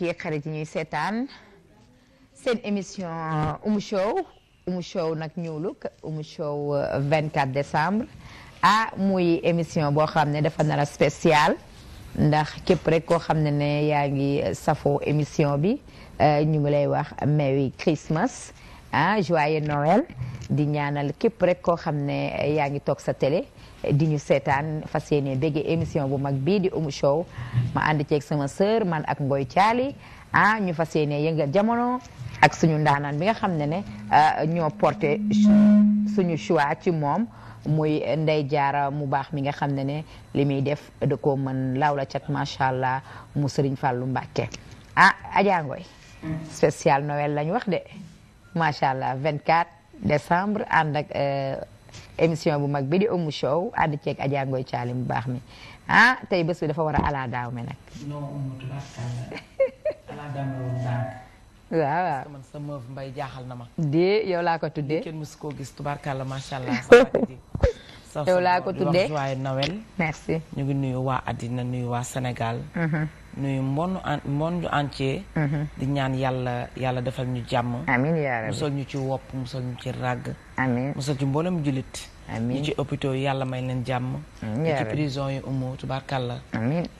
kii xarit yi ñuy seetaan seen émission Oumou Show Oumou Show nag ñuuluk Oumou Show 24 euh, décembre ah muy émission boo xam ne dafa nar a ndax képp rek koo xam ne ne yaa ngi safoo émission bi euh, ñu ngi lay wax Merry Christmas ah joyeux Noël di ñaanal képp rek koo xam ne yaa ngi toog sa télé di ñu seetaan fas yéene béggee émission bu mag bii di Oumou Show ma ànd ceeg sama sœur man ak Ngoy Thiali ah ñu fas yéene yëngal jamono ak suñu ndaanaan bi nga xam ne ne ah, ñoo porté suñu choix ci moom muy Ndeye jaara mu baax mi nga xam ne ne li muy def da koo mën laaw la cat macha allah mu Sëriñ Fàllu Mbàkke ah Adja Ngoy spécial Noël lañ wax de macha allah 24 décembre ànd ak. Euh, émission bu mag bi di Oumou Show ànd ceeg Adja Ngoy Thialim bu baax mi ah tey bés bi dafa war a ala mi nag. waaw waaw man sa meuf mbay jaaxal na ma. de yow laa ko tudde kenn koo gis tubaarkàlla macha allah. yow laa ko tuddee di wax Noël. merci ñu ngi nuyu waa àddina nuyu waa Sénégal. Mm-hmm. nuyu monde monde entier. Mm-hmm. di ñaan yàlla yàlla defal ñu jàmm. musal ñu ci wopp musal ñu ci ràgg. amiin mosal ci mboolem jullit. amiin ñi ci hôpitaux yàlla may leen jàmm. ñi ci prison yi umu tubaarkàlla.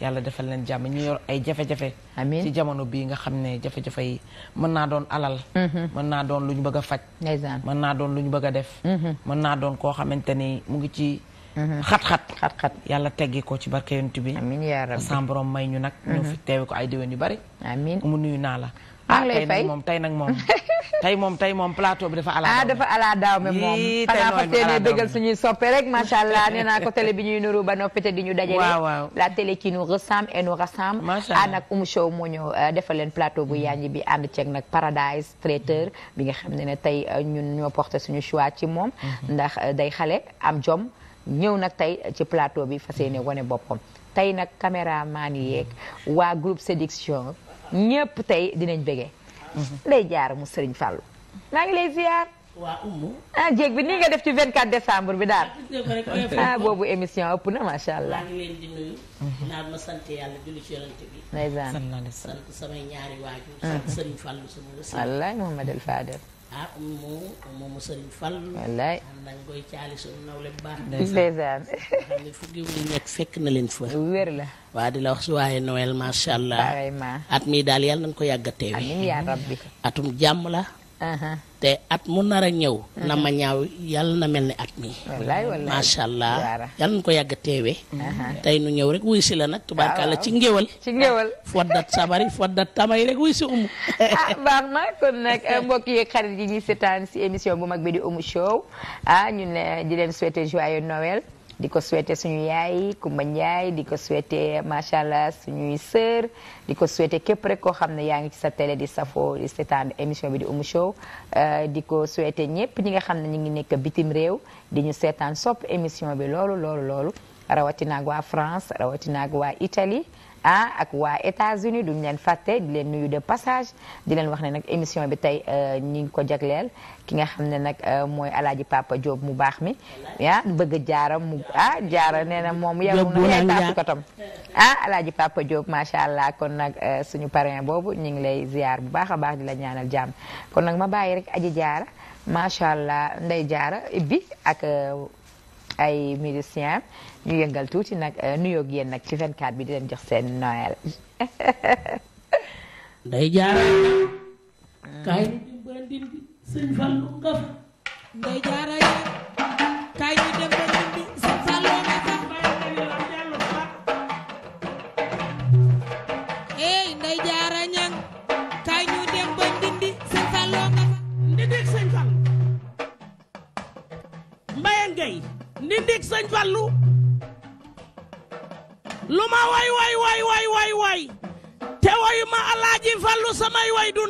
yàlla defal leen jàmm ñu yor ay jafe-jafe. amiin ci jamono bii nga xam ne jafe-jafe yi mën naa doon alal. Mm-hmm. mën naa doon lu ñu bëgg a faj. mën naa doon lu ñu bëgg a def. Mm-hmm. mën naa doon koo xamante ni mu ngi ci. Mm-hmm. xat-xat xat yàlla teggi ko ci barke yonent bi. amiin yaa rabbi sa borom may ñu nag. ñu fi teewe ko ay déwén yu bari. amiin nuyu naa la. Ah, maa ngi lay fay moom tey nag moom tey moom tey moom plateau bi dafa ala ah dafa ala daaw me moom xanaa fas yéene bëggal suñuy soppe rek macha allah nee naa ko télé bi ñuy nuru ba noppite di ñu dajale waaw waaw la télé qui nous ressemble et nous rassemble ànd ak Oumou Sow moo ñëw euh, defal leen plateau bu mm. yaañi bi ànd ceeg nag Paradise traiteur bi nga xam ne ne tey euh, ñun ñoo porté suñu choix ci moom mm-hmm. ndax euh, day xale am jom ñëw nag tey ci plateau bi fas yéene mm. wone boppam tey nag caméraman yi yeeg waa groupe séduction ñëpp tey dinañ bëggee. lay jaar mu Serigne Fallou. maa ngi lay ziar. waa Umu. ah jéeg bi nii nga def ci 24 décembre bi daal. ah boobu émission ëpp na macha allah. maa ngi leen di sant yàlla julli ci yonent bi. ndeysaan sant samay ñaari waajur. sant Serigne Fallou sama wasi. wallaay Mouhamadou El Fadel. ah um moomu um moomu sëriñ wallaay da koy caali suñu nawle bu baax. ndeysaan xam ne fu giw li nekk fekk na leen fa. wér la. waa di la wax si waaye Noël macha allah. at mii daal yàlla nañu ko yàgg a teewe. atum jàmm la. Uh-huh. te at mu nar a ñëw. na ma ñaaw yàlla na mel ni at mi. macha allah yàlla na ko yàgg teewe uh-huh. tey nu ñëw rek wuy si la nag. tubaarkàlla ci ngéwal. ci ngéwal foddat sabari foddat tamay rek wuy si umu. ah baax na kon nag mbokk yeeg xarit yi ñuy seetaan si émission bu mag bi di Oumou Show ah ñu ne di leen souhaiter joyeux Noël. di ko souhaité suñu yaay Kumba Ndiaye di ko souhaité macha allah suñuy sœur di ko souhaité képp rek koo xam ne yaa ngi ci sa télé di safo di seetaan émission bi di Oumou Show euh, di ko souhaité ñëpp ñi nga xam ne ñu ngi nekk bitim réew di ñu seetaan sopp émission bi loolu loolu loolu rawatina ak waa France rawatina ak waa itali ah ak waa États-Unis duñ leen fàtte di leen nuyu de passage di leen wax ne nag émission bi tey euh, ñi ngi ko jagleel ki nga xam ne nag euh, mooy alaaji Papa Diop mu baax mi ah bëgg jaara mu ah jaara nee na moom yow na taasi ko tam ah alaaji Papa Diop macha allah kon nag euh, suñu parrain boobu ñu ngi lay ziar bu baax a baax di la ñaanal jàmm kon nag ma bàyyi rek aji jaara macha allah nday jaara bi ak ay musiciens ñu yëngal tuuti nag euh, nuyoo ak yéen nag ci 24 bi di leen jox seen Noël. nday jaara kaay ñu dem ba ndindi sëñ Fallu nga fa nday jaara kaay ñu dem ba ndindi sëñ Fallu nga fa eey nday jaara ñang kaay ñu dem ba ndindi sëñ Fallu nga fa ndindi sëñ Fallu mbayeen gay ndindik sëñ Fallu lu ma way way way way te wayu ma Fallu samay way du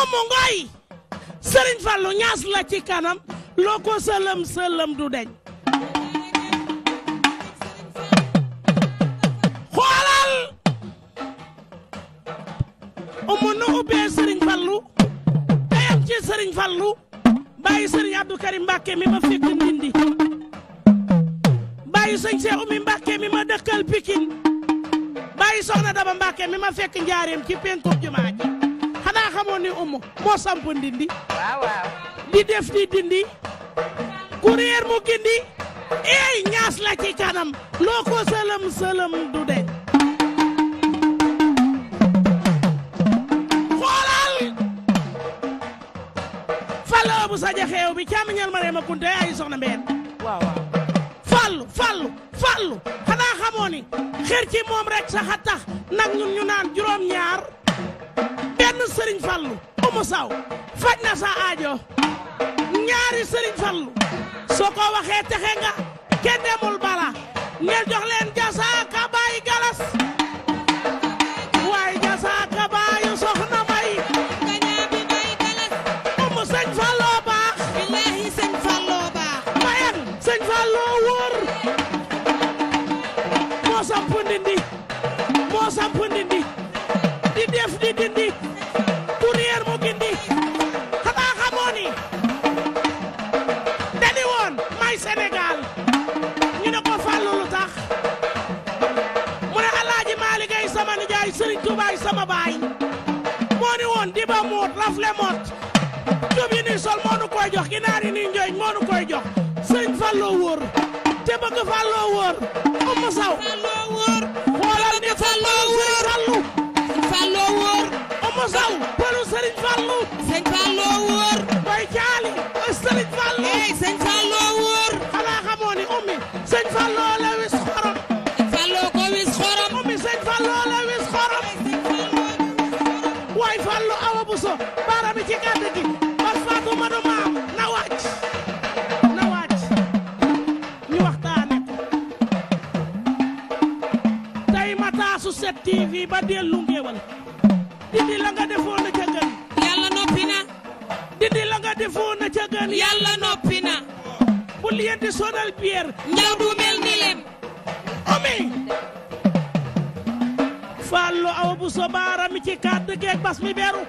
umu ngoy sëriñ Fallu ñaas la ci kanam loo ko sëlëm sëlëm du deñ xoolal umu nu ubbee sëriñ Fallu teyam ci sëriñ Fallu bàyyi sëriñ Abdou Karim Mbàkke ndindi bàyyi sëñ Seex Umi Mbàkke mi ma dëkkal Pikin bàyyi soxna Daba Mbàkke mi ma ci penku jumaa ji ni umu moo samp ndindi di def di dindi ku mu gindi eey ñaas la ci sëlëm sëlëm du Fallou bu saja xeew bi càmmiñal ma reema kunte ay soxna mbeen waaw waaw Fallou Fallou Fallou xanaa moom rek sax a ñun ñu juróom ñaar benn sëriñ Fallou umu saw faj na sa aajo ñaari sëriñ Fallou soo ko waxee texe nga kenn demul bala ñel jox leen jasaaka demoot jub yi ni sol moo nu koy jox ginaar yi ni njooñ moo nu koy jox sëñ Fallou wóor te bëgg Fallou wóor Oumou Sow xoolal ni Fallou wóor Fallou wóor Oumou pëlu sëriñ Fallou ba dellu ngeewal dindi la nga defoon a jagan yàlla noppi na dindi la nga defoon a jagan yàlla noppi na bul leen di sonal biir ñaw ni lem omi fàllu awa bu sobaara mi ci kàddu geeg bas mi beru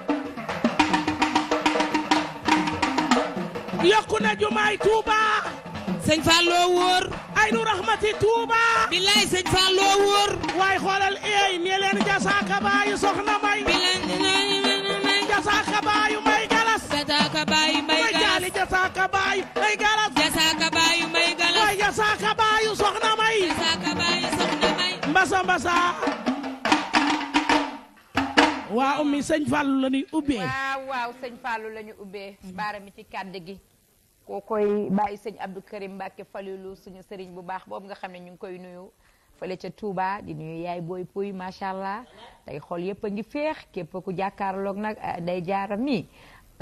yokku na jumaay Tuuba sëñ Falloo wóor aynu rahmati Touba. billaay sëñ waay xoolal eey ne leen soxna May. billaay jasaaka May Galas. jasaaka May Galas. ma May Galas. jasaaka soxna May. mbasa mbasa. waa ummi sëñ Fallou la ubbee. waaw waaw sëñ Fallou la ubbee. baara mi ci kàddu gi. koo koy bàyyi sëñ Abdou Karim Mbacke Falilu suñu sëriñ bu baax boobu nga xam ne ñu ngi koy nuyu fële ca Touba di nuyu yaay booy puy macha allah tey xool yëpp a ngi féex képp ku jàkkaarloog nag ah, day jaara mii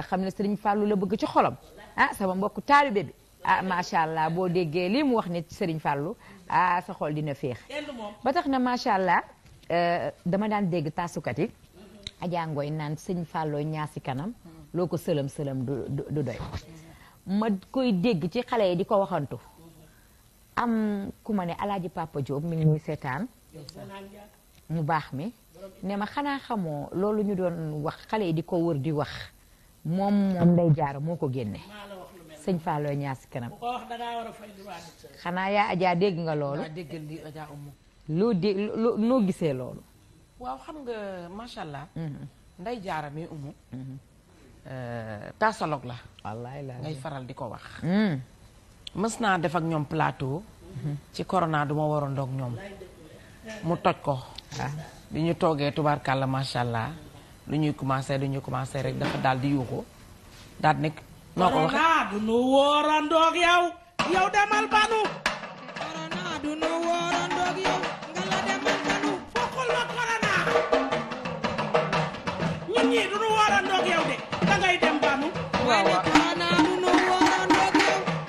xam ne sëriñ Fallou la bëgg ci xolam ah sama mbokku taalibe bi ah macha allah boo déggee lii mu wax ne sëriñ Fallou ah sa xol dina féex ba tax na macha allah eh, dama daan dégg taasukat yi ajaangooy naan sëñ Fallou ñaasi kanam loo ko sëlam sëlam du du doy ma koy dégg ci xale yi di ko waxantu am ku ma ne alaaji Papa Diop mi ngi ñuy seetaan mu baax mi ne ma xanaa xamoo loolu ñu doon wax xale yi di ko wër di wax moom moom nday jaara moo ko génne sëñ ñaar ñaas kanam xanaa yaa ajaa dégg nga loolu loo dé loo gisee loolu waaw xam nga macha allah mm-hmm. nday jaara mi umu mm-hmm. Euh, taasaloog la. wallaay ngay faral di ko wax. Hmm. mës naa def ak ñoom plateau. Hmm. ci corona du ma waroon doog ñoom. mu toj ko. Ah. bi ñu toogee tubaarkàlla macha allah lu ñuy commencé lu commencé rek dafa daal di yuuxu daal di nekk du nu wóorandoog yow yow de. dangay dem banu waaw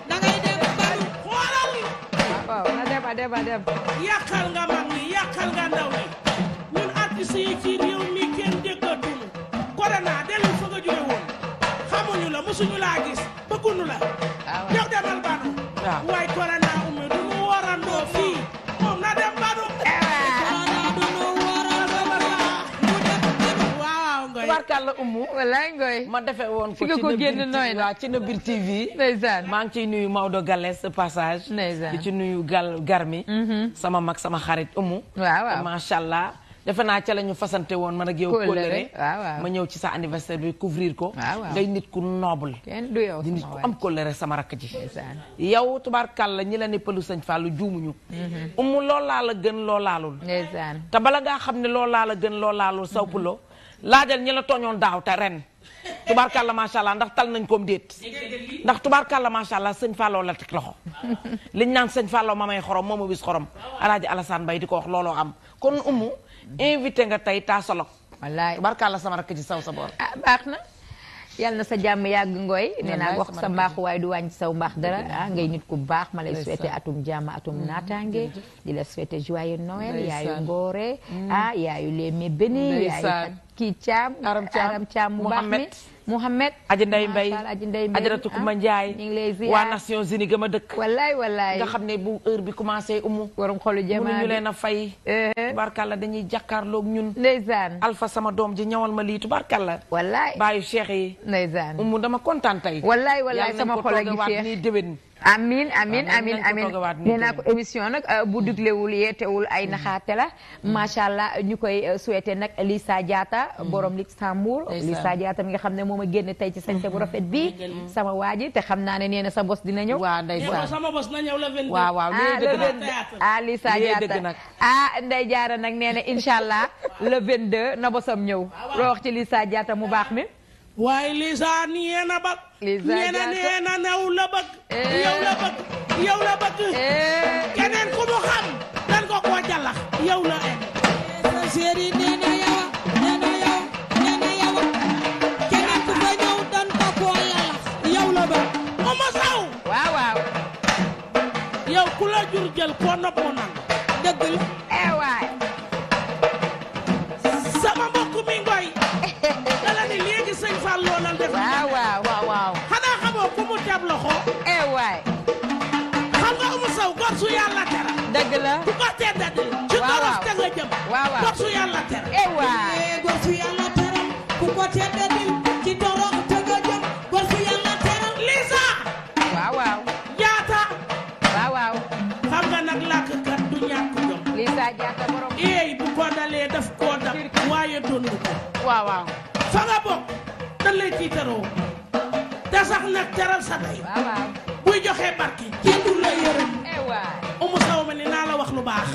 dangay dem banu xoolal waaw mi la la ummu. wallaay ngooy ma defee woon ko ci génn nooy na ci na biir TV. ndeysaan maa ngi ciy nuyu Maodo Gales passage. ndeysaan di ci nuyu gal garmi mm-hmm. sama mag sama xarit ummu. waaw macha allah. defe naa ca la ñu fasante woon ma ak yow. kóolere ma ñëw ci sa anniversaire bi couvrir ko. ngay nit ku noble. kenn du yow di nit ku am kóolere sama rakk ji. yow tubaarkàlla ñi la ne Pëlu Sëñ Fallu juumuñu. Mm-hmm. umu loolaa la gën loolaalul. te bala ngaa xam ne loolaa la gën loolaalul saw pulo laajal ñi la tooñoon daaw te ren tubaarkàlla macha allah ndax tal nañ koom déet ndax tubaarkàlla macha allah sëñ Fallou la teg loxo liñ naan sëñ Fallou ma may xorom moo ma wis xorom alaaji Alassane Mbaye di ko wax looloo am kon umu invité nga tey taa solo wallaay tubaarkàlla sama rakk ci saw sa a ah baax na yàlla na sa jàmm yàgg ngooy nee naa wax sa mbaax waaye du wàññi saw mbaax dara ah ngay nit ku baax ma lay souhaité atum jàmm atum mm-hmm. naataange di la souhaité joyeux Noël yaayu ngoore mm-hmm. ah, kii Thiam. Aram Thiam Aram Thiam mu baax mi Mouhamed Aji Ndeye Mbaye Aji Ndeye Mbaye Ajaratu ah, Kuma Ndiaye ngi lay ziar waa Nations Unies gëm a dëkk nga xam ne bu heure bi commencé umu warum xolu jamaa mënuñu leen a fay eh. tubaarkàlla dañuy jàkkaarloog ñun ndeysaan Alpha sama doom ji ñawal ma lii tubaarkàlla wallaay bàyyi cheikh yi ndeysaan umu dama kontaan tey wallaay wallaay sama a nii amin amin amin amin nee naa ko émission nag euh, bu duglewul yeetewul ay naxaate la mm. macha allah ñu koy euh, suwetee nag Lisa Diatta mm. borom Luxembourg Lisa Diatta mi nga xam ne moom a génn tey ci sañte bu mm-hmm. rafet bi sama waa ji te xam naa ne nee na sa bos dina ñëw waaw ndeysaan sama bos na ñëw la waaw waaw ah, ah Lisa Diatta ah nday jaara nag nee na incha allah le 22 na bosam ñëw loo wax ci Lisa jaata mu baax mi waaye Lisa ni yéena ba neena neena new la bëgg yow la bëgg eh. keneen ku mu xam dan ko koo jàllax yow la en séeri neena yow neena yow neena ku fa dan ko koo yàllax yow la bëgg Oumou Sow ku la jur jël koo nopp mu nang dëgg la eh waay ko. eh waay. xam nga Oumou Sow góor su yàlla tera. ci góoros te nga jëm. waaw waaw góor su yàlla tera. eh waay eh, góor su yàlla ci góoros te nga jëm góor su yàlla Lisa. waaw waaw. Jaata. waaw bu ko dalee daf koo waaye doon ko. waaw waaw. fa nga bokk dañ te sax nag teral sa day buy joxee barke kenn du la yërëm umu eh, saw ma ni naa la wax lu baax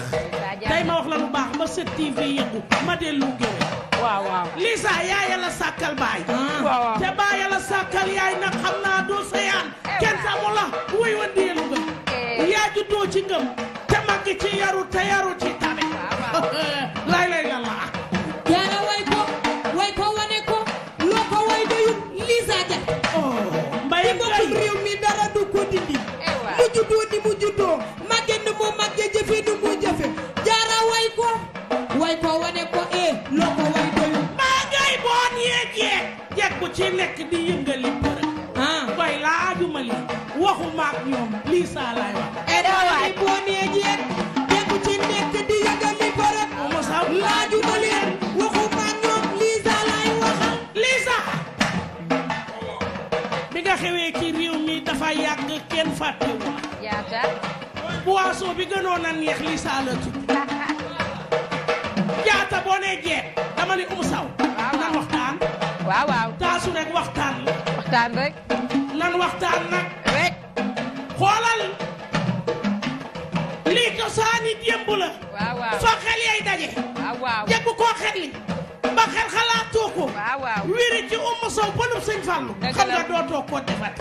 day ma wax la lu baax ma set TV yëngu ma dellu géwél waaw Lisa yaay la sàkkal baay ah. te la sàkkal yaay nag xam naa doo sayaan eh, kenn samu la wuy wa deelu ngëm eh. yaa juddoo ci ngëm te màgg ci yaru te ci tabe ci nekk di yëngali për bay ah. laa ajuma li waxuma ñoom lii saa laay wax edda eh, waay boo nee jeet dégg ci nekk di yëngali për laa ajuma leen waxuma ak ñoom lii saa laay waxal lii saa bi nga xewee ci réew mi dafa yàgg kenn fàttewu yaata boisson bi gënoon a neex lii saa la tudd jaata boo nee jeet dama ni um saw nan waxtaan waaw waaw taasu rek waxtaan la. waxtaan rek. nan waxtaan nag. rek. xoolal. lii cosaani démb la. waaw waaw soo xel yay daje. waaw koo xel li ba xel xalaatoo ko. waaw ci umma sow bonum sëñ Fallu. xam nga dootoo koo defat.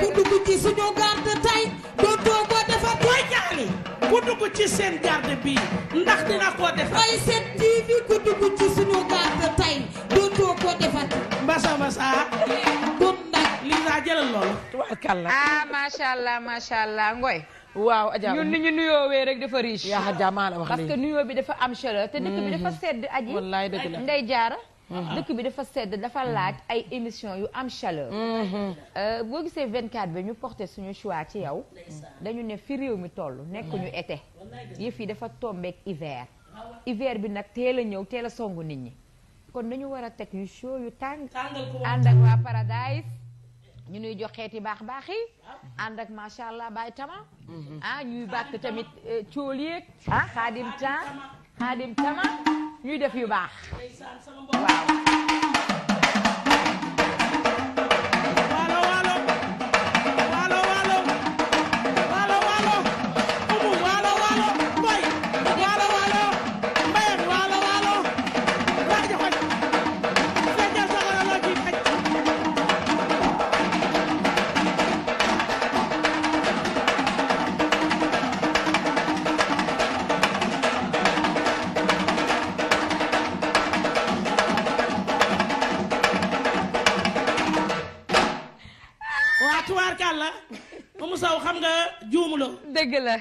ku dugg ci suñu garde tey dootoo koo defat. booy jaali ku dugg ci seen garde bii ndax dina koo defat. ay seen TV ku dugg ci suñu garde. tubaarkàlla ah macha allah macha allah Ngoy. waaw Adja ñun ni ñu nuyoowee rek dafa riche. yaa Adja maa la parce que nuyoo bi dafa am chaleur. te dëkk bi dafa mhm. sedd aji. wallaay dëgg la Ndey Jaara. Mhm. dëkk bi dafa sedd dafa mhm. laaj ay émission yu am chaleur. Euh, boo gisee 24 bi ñu porté suñu choix ci yow. dañu ne fi réew mi toll nekkuñu été. yëf yi dafa tombeek hiver. hiver bi nag teel a ñëw teel a songu nit ñi. kon dañu war a teg yu chaud yu tàng. ànd waa Paradise. ñu nuy jox xeeti baax baax yi ànd ak macha allah baay tama ah ñuy bàkk tamit eh, cool yeeg ah xaadim ta xaadim tama ñuy def yu baax waaw dëgg la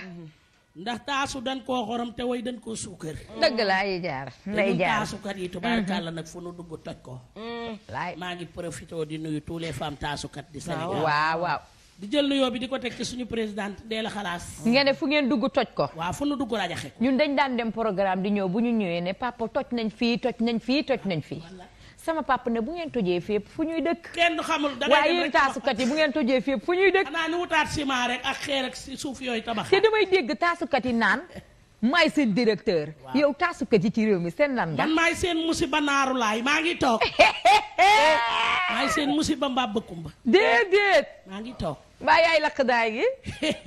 ndax taasu dañ koo xorom te way dañ koo suukar dëgg la ay jaar lay jaar taasukat yi tubaarkàlla mhm. nag fu nu dugg toj ko mm, maa ngi profité di nuyu tous les femmes taasukat di Sénégal waaw waaw di jël nuyoo bi di ko teg ci suñu présidente Ndella Xalass mm. nga ne fu ngeen dugg toj ko waa fu nu dugg rajaxe ñun dañ daan dem programme di ñëw bu ñu ñëwee ne papa toj nañ fii toj nañ fii toj nañ fii sama papa ne bu ngeen tojee fépp fu ñuy dëkk. kenn xamul da waaye yéen taasukat yi bu ngeen tojee fépp fu ñuy dëkk. xanaa ni wutaat ciment rek ak xeer ak suuf yooyu tabax. te damay dégg taasukat yi naan. maay seen directeur. yow taasukat yi ci réew mi seen lan nga. man maay seen musiba naaru laay maa ngi toog. maay seen musiba mbaa bëkkumba. déedéet. maa ngi toog. mbaa yaay lakk daay gi.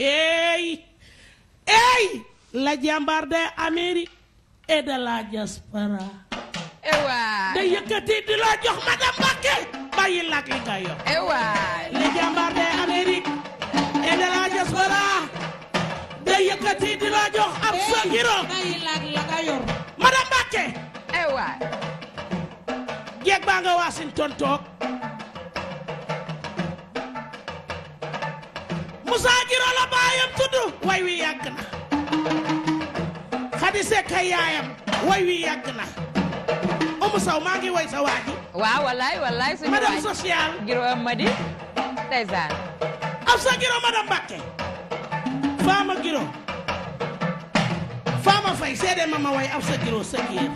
hey. la jàmbaar de Amérique et de la diaspora. ewaay day di la jox madame Mbacké bàyyi laak li nga li jàmbaar de Amérique et de la diaspora day di la jox ab eh, sa giro bàyyi laak la nga yor madame Mbacké ewaay jeeg way wi yàgg na Khady way wi yàgg Oumou Sow maa ngi woy sa waaw wallaay wallaay suñu waay madame sociale. Giroom Madi ndeysaan. ab sa Giroom madame Mbakke. Fama Giroom. Fama Faye seede ma ma woy ab sa Giroom sa kii.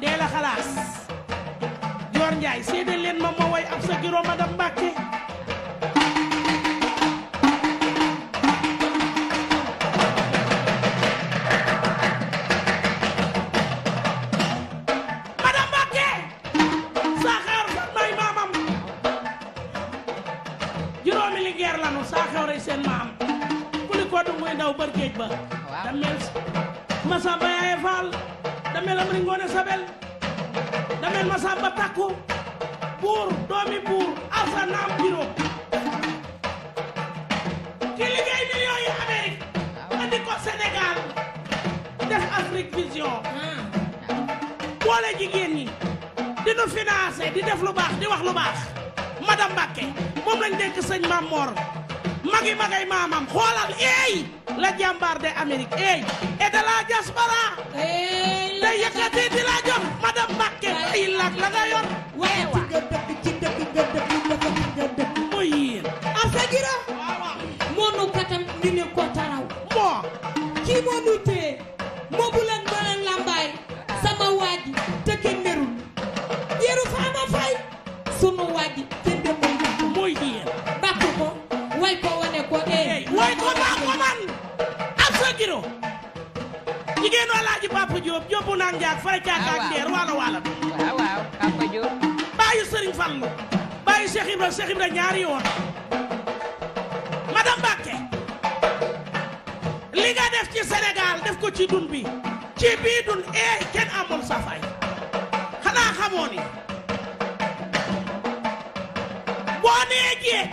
Ndéla Xalaas. Dior Ndiaye seede leen ma ma woy ab sa Giroom madame Mbakke. seen maam kuli koodu muy daw bër ba damel Masamba Yaaye Faal damel am sabel damel Masamba takku buur doomi buur alsa naam biro ki liggéey million yi Amérique andi def Afrique Vision ah, boole jigéen di nu financé di def lu di wax lu baax moom lañ dénk sëñ Mamor magi magay maamam xoolal eey la jàmbaar de Amérique eey et de la diaspora te yëkkati di la jox madame ay la nga yor Papa Diop Diop naan njaag fay caaka ah, ak ndeer waalo waalo waaw ah, waaw Papa Diop bàyyi Serigne Fallou bàyyi Cheikh Ibra ñaari yoon madame Mbacké def ci Sénégal def ko ci dun bi ci bii dun ee eh, kenn amul safay xanaa xamoo boo nee jeeg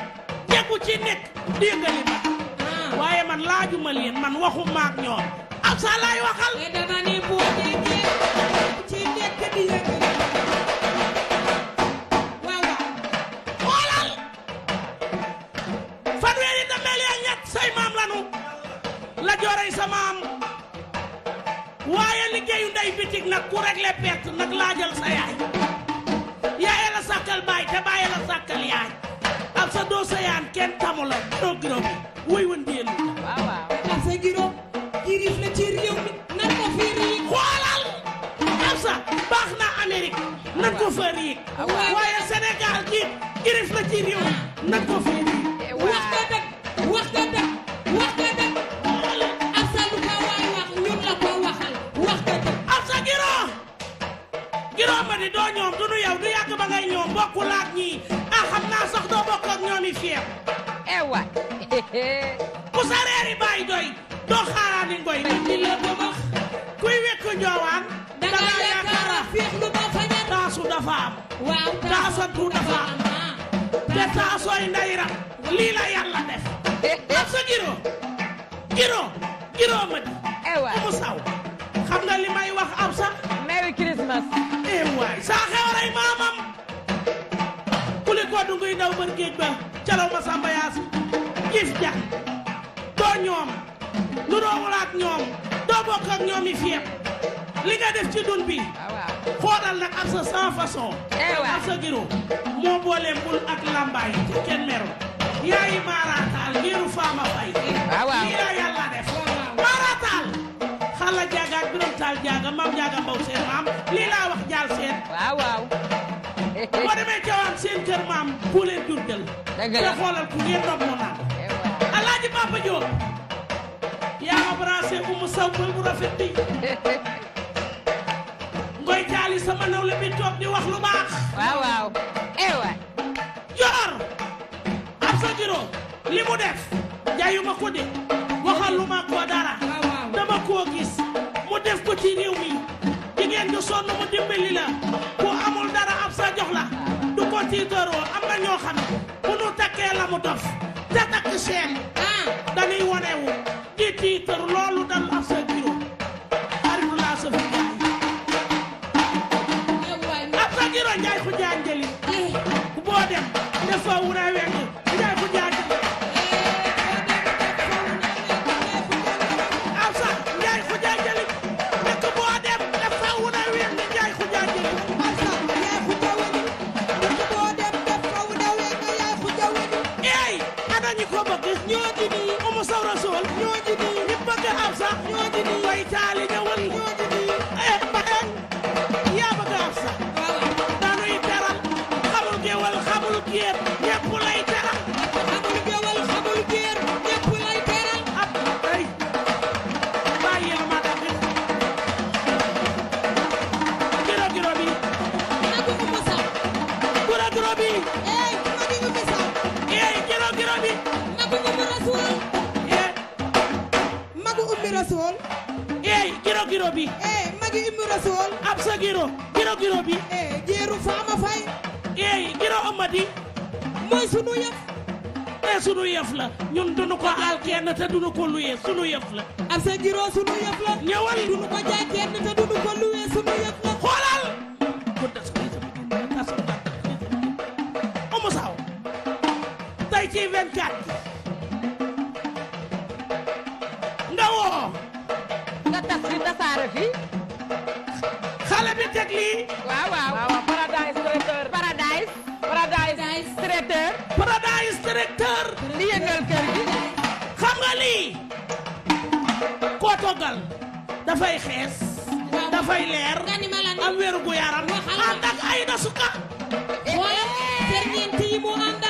jegu ci nekk déggali ma ah. waaye man laajuma man waxu maak ñoom Pape Sarr laay waxal. xoolal fanweeri dameel yaa ñett say maam lanu la sa maam waaye liggéeyu ndey bitig nag ku réglé perte nag laajal sa yaay yaay la sàkkal baay te baay la sàkkal yaay ab sa doo sa yaan kenn tamu la programme wuy wëndi la ci réew mi nag ko fii nii wax nga dëgg wax nga dëgg wax nga dëgg Absa lu ko waay wax ñun la ko waxal wax nga dëgg Absa giroo giroo ma di doo ñoom du nu yow du yàgg ba ngay ñoom bokku laak ñii ah xam naa sax doo bokk ak ñoom yi fiyew ewa ku sa reeri bàyyi doy doo xaaraani ngoy nag ni la ko wax kuy wekku njoowaan danga yaakaara fiix lu ba fañal taasu dafa am waaw taasantu dafa am ah. te taasooy ndayra lii la yàlla def ak sa giro giro giro ma di saw xam nga li may wax am sax ewaay saa xewaray maamam kuli ko du nguy bër géej ba calaw samba yaas gis ja doo ñoom nu doo walaat ñoom doo bokk ñoom yi li nga def ci dun bi xoolal nag ab sa sans façon eh ab sa giro moo boole mbul ak làmbaay ci kenn meru yaayi maaraataal ngiru faama fay ah, yàlla def maaraataal xala jaaga ak biram taal jaaga maam jaaga seen maam lii wax jaal seen ah, boo demee jawaan seen kër maam ku leen dundal te xoolal ku ngeen nopp mu naan eh alaaji yaa ma branché bu mu saw bu rafet bi ngoy jaali sama nawle bi toog di wax lu baax waaw waaw eh waay joor ab sa giro li mu def jaayuma ko de waxaluma ko dara dama koo gis mu def ko ci réew mi jigéen ju sonn mu ku amul dara ab sa jox du ko tiitaroo am na ñoo nu takkee la mu dof te takk seen ah. dañuy yëf la ñun duñu ko aal kenn te duñu ko luye sunu yëf la ab sa giroo sunu yëf la ñëwal duñu ko jaay kenn te duñu ko luye sunu yëf la xoolal kon das ko das ko Oumou Sow tey ci ndawoo nga tas fi tasaare fi xale bi teg lii waaw waaw paradise traiteur inspecteur li yëngal kër gi xam nga lii koo toggal dafay xees dafay leer am wéru yaram ànd ak ay nasuka wala ferñeent yi mu ànd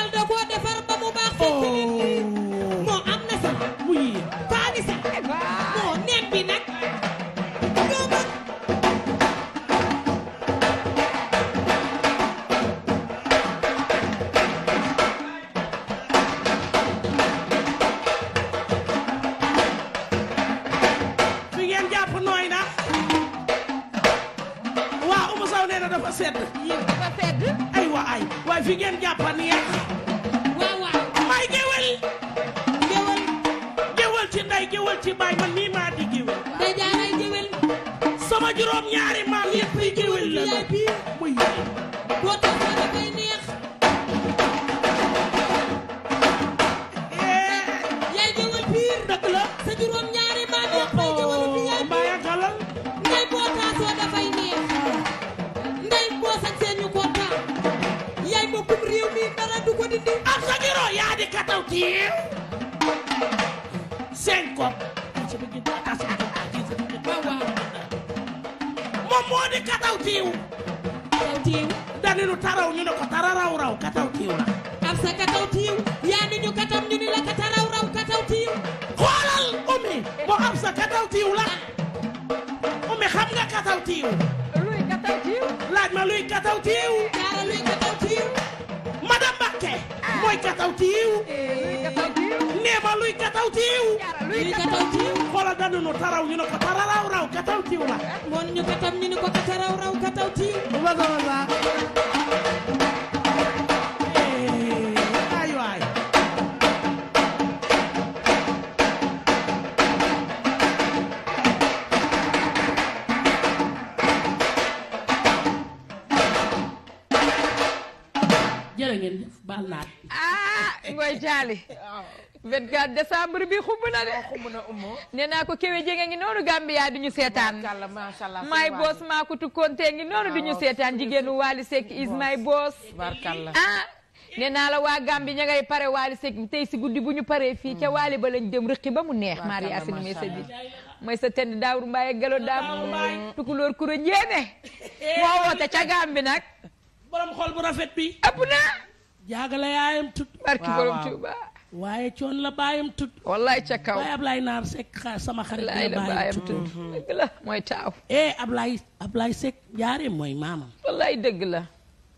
tiiw luy kataw tiiw laaj ma luy kataw tiiw jaara luy kataw tiiw madame Mbacke ah. mooy kataw tiiw eh, luy kataw tiiw xoolal danu taraw ñu ko tararaw raw kataw tiiw la moon ñu katam ñu ko kataraw raw kataw tiiw laal naat. ah Ngoy Jaali. waaw 24 décembre bi xumb na de. Oh, naa ko Kéwé Dieng ngi noonu Gambia du ñu seetaan. macha allah boss maa ko tukkonte ngi noonu du ñu ah, seetaan jigéenu Waly Seck is my boss. barkalla ah. nee naa la waa Gambie ña ngay pare Waly Seck tey si guddi bu ñu paree fii ca Waly ba lañ dem rëqi ba mu neex. Maria Sine Mesa bi mooy sa tend daawur mbaay ak galo daam tukulóor kura njéene moo woote ca Gambie nag. borom bu rafet bi ëpp na. jaaga la yaayam tudd. barki borom Tuuba waaye coon la baayam tudd. wallaay ca kaw waaye Ablaye Naar Seck sama xarit. la baayam tudd mhm. dëgg la mooy taaw. eh Ablaye Ablaye Seck jaaree mooy maamam. wallaay dëgg la.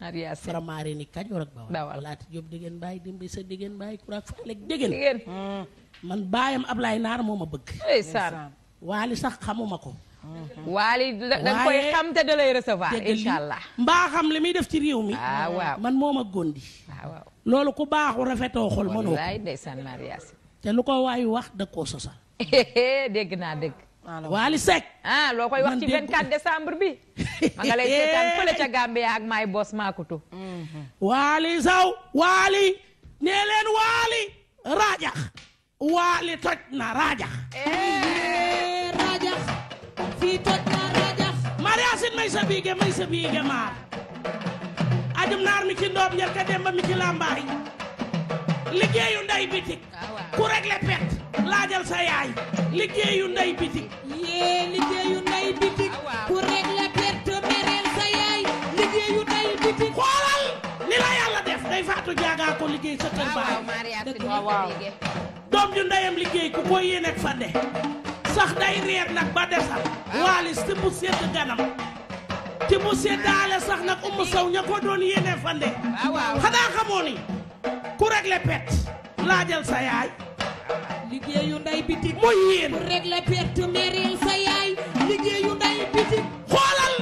Maria Seck faramaare ni Kajoor ak Bawol. Bawol laata Diop dégg baay dimbi mm. man baayam ablaay Naar moom ma bëgg. ndeysaan sax xamuma ko. Mm-hmm. waali da nga koy xam te da lay recevoir incha allah li muy def ci réew mi ah, ah man moom a gondi ah, waaw loolu ku baaxu rafetoo xol mënoo te lu ko waayu wax da koo sosal naa dégg waali Seck ah loo koy wax ci 24 décembre bi ma nga lay seetaan fële ca maakutu waali saw waali nee waali raajax waali toj na raajax eh, fii toj naar rajax mariasin may sa biige may sa biige maar ajum mi ci ndoob njër ka ci làmbaay liggéeyu ndey bitik ku regle pet laajal sa yaay liggéeyu ndey bitik yee liggéeyu ndey bitik ku regle pet mereel sa yaay liggéeyu ndey bitik xoolal ni la yàlla def day faatu jaagaa ko liggéey sa doom ju ndeyam liggéey ku koy yéeneek fande sax day reer nag ba desal waalis si mu sedd ganam ti mu seddaale sax nag umu saw ña ko doon yéene fande ah, xanaa xamoo ni ku réglé pet laajal sa yaay liggéeyu nday bitik mooy yéen ku réglé pet mereel sa yaay liggéeyu nday bitik xoolal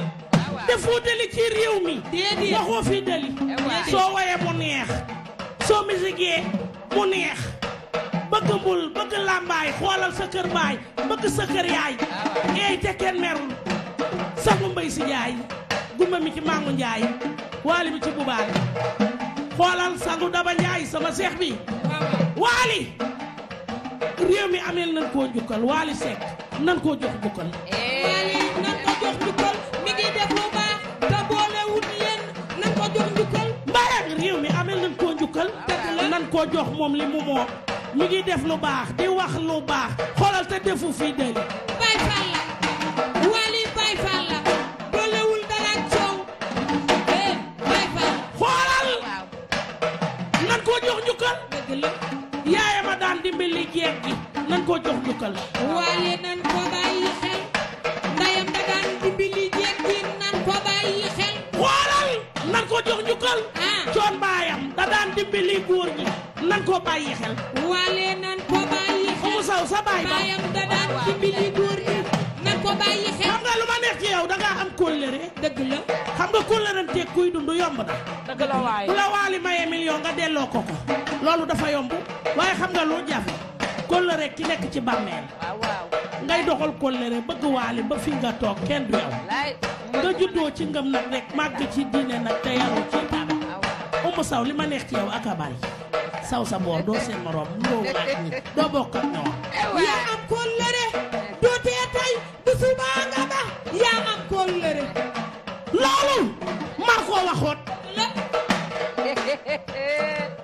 defoo ah, deli ci réew mi waxoo fi deli eh, soo woyee mu neex soo misigee mu neex bëgg mbul bëgg làmbaay xoolal sa kër baay bëgg sa kër yaay eey te kenn merul sangu mbay si jaay gumba mi ci mangu njaay waali mi ci bubaal xoolal sangu daba njaay sama seex bi waali réew mi ameel nan koo njukkal waali sekk nan koo jox waali nan ko jox njukkal mi ngi def lu baax te boolewut yéen nan ko jox njukkal mbayam mi ameel nan koo njukkal nan koo jox moom li mu moom ñu ngi def lu baax di wax lu baax xoolal te defu fii deli Baay Faal la Baay Faal la dolewul dara coow eh nan koo jox njukkal dëgg la daan dimbali jeeg nan koo jox njukkal Wally nan ko bàyyi xel ndayam da daan dimbali jeeg gi nan ko bàyyi xel xoolal nan ko jox njukkal ah. coon baayam da daan dimbali góor gi nan koo bàyyi xel. waale nan sa baay ba baayam da daan ci góor ñi xam nga lu ma neex ci yow da am kóllëre. dëgg la. xam nga kóllëranteeg kuy dund yomb na. dëgg la waali mayee million nga delloo ko ko. loolu dafa yomb waaye xam nga lu jafe kóllëre ki nekk ci bàmmeel. waaw waaw. ngay doxal kóllëre bëgg waali ba fi nga toog kenn du yow. nga juddoo ci ngëm nag rek màgg ci diine nag te yaru ci dara. Oumou Sow li ma neex ci yow ak a bari saw sa boor doo seen morom doo waaj ni doo bokk ak ñoom yaa am kóllëre du tee tey du subaa nga ba yaa am kóllëre loolu mar koo waxoot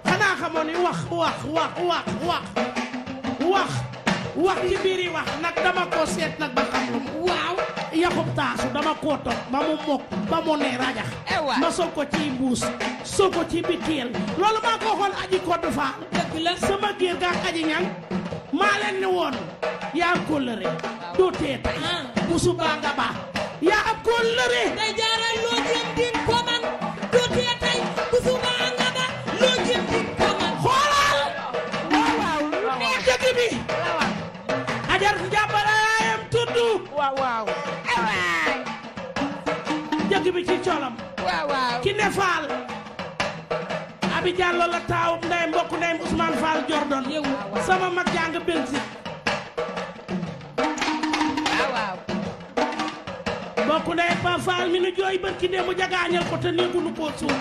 xanaa xamoon ni wax wax wax wax wax wax wax ci biir yi wax nag dama ko seet nag ba xam waaw yaxub taasu dama koo toj ba mu mokk ba mu ne rajax ma soog ko ci mbuus soog ko ci biteel loolu maa ko xool a kodd faal sama a gaa aji ñang maa leen ni woon yaa am kóllëre doo tee tay ah. nga baax yaa am kóllëre day jaaral loo din ko bi ci colam waaw ki ne Fall abi Diallo la taaw ndeyam mbokk ndeyam Ousmane Fall Jordan sama mag jaa nga bensi waaw waaw mbokk ndeyam Pa mi nu jooy barki démb jagaañal ko te néegunu koo suuf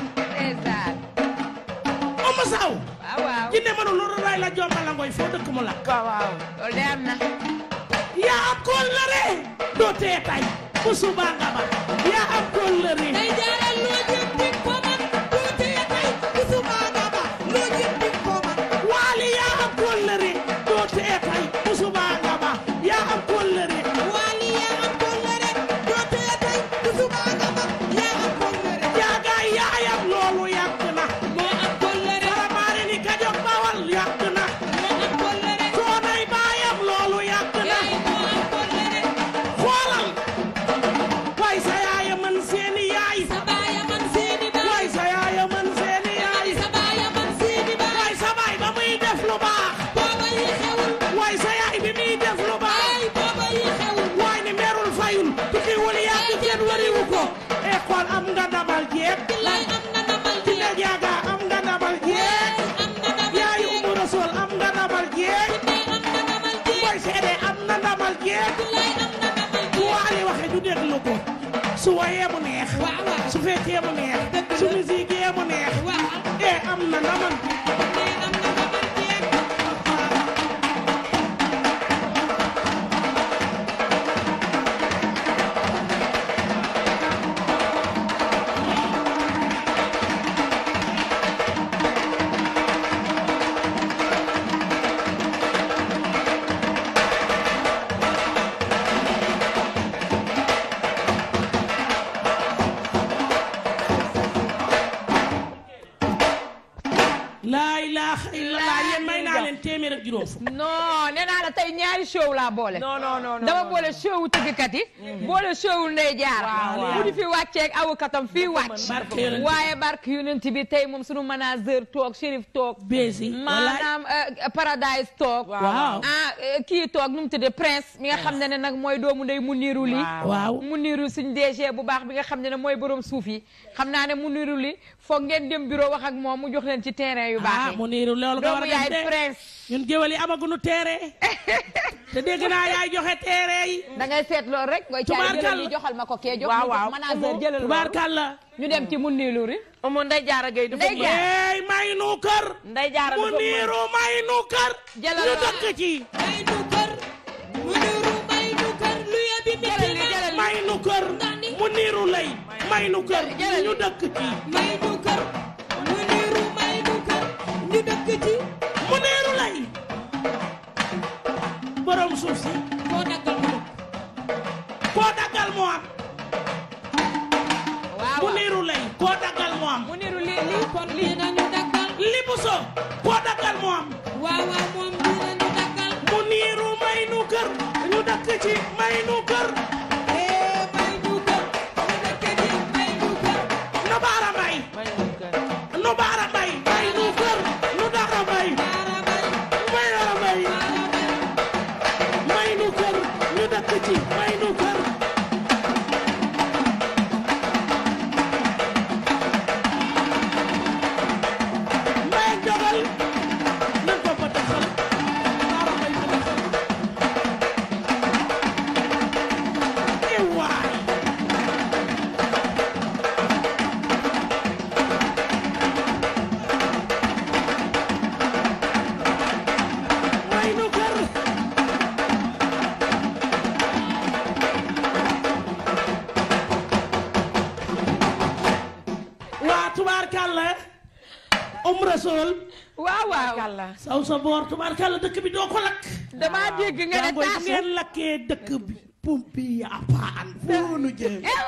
Oumou ne mënu lu ray la jomba la ngoy foo dëkk mu la de am yaa kool la ree doo tee bu suba nga ba yaa am kóllëre juróom fukk. non nee naa la tey ñaari show laa boole. non non non dama boole show tëggkat yi. Mm-hmm. boole sowul ndey jaar bu di fi wàcceeg awukatam fii wàcc waaye barke yonent bi tey moom sunu manager toog shérif toog maanaam euh, paradise toog ah euh, kii toog nu mu tuddee prince mi nga ah. xam ne ne nag mooy doomu ndey mu niiru li waaw mu niiru suñ DG bu baax bi nga xam ne ne mooy borom suuf yi xam naa ne mu niiru li foog ngeen dem bureau wax ak moom mu jox leen ci terrain yu baax ah, yi mu niiru loolu nga war a yaay prince ñun géwél yi amaguñu terrain te dégg naa yaay joxe terrain yi seet loolu rek tubaarkàlla joxal ma ko kee jox waaw waaw manager jëlal tubaarkàlla ñu dem ci mun niilu ri mu nday jaara gay du may nu kër nday jaara mu niiru may nu kër ñu dëkk ci may nu kër mu niiru may nu kër ñu dëkk ci mu niiru may nu kër ñu dëkk ci mu niiru lay borom suuf koo daggal moo mu niiru lay koo daggal moo mu niiru lii lii kon lii daggal. li koo daggal moo am. moom mu niiru may nu ñu dakk may nu yow sa boor tubaarkàlla dëkk bi doo ko lakk. damaa dégg nga ne taas ngeen lakkee dëkk bi. pompier apaan foo nu jëm. Eh,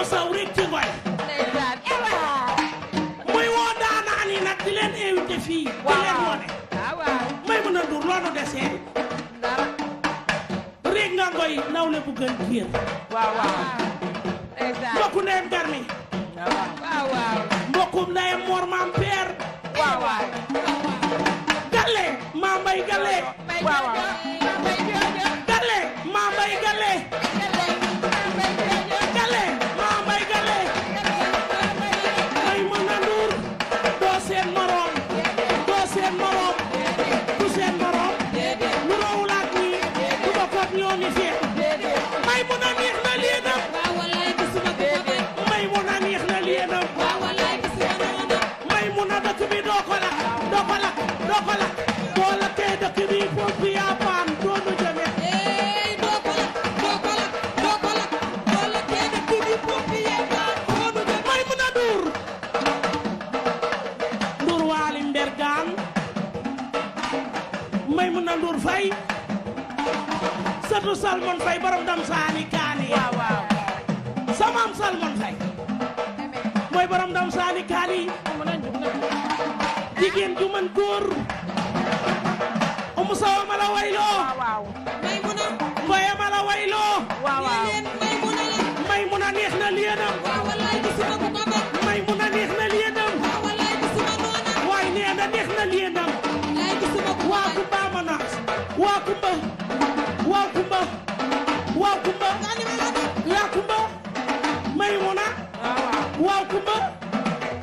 ma saw rek ci ngoy eh muy woo daanaan yi nag di leen fii di leen wone ah, may mën a dur loolu desee rek nga ngoy nawle bu gën kiir waaw waaw mbokku ndeyam garmi mbokkum ndeyam moor maam peer galle maa mbay galle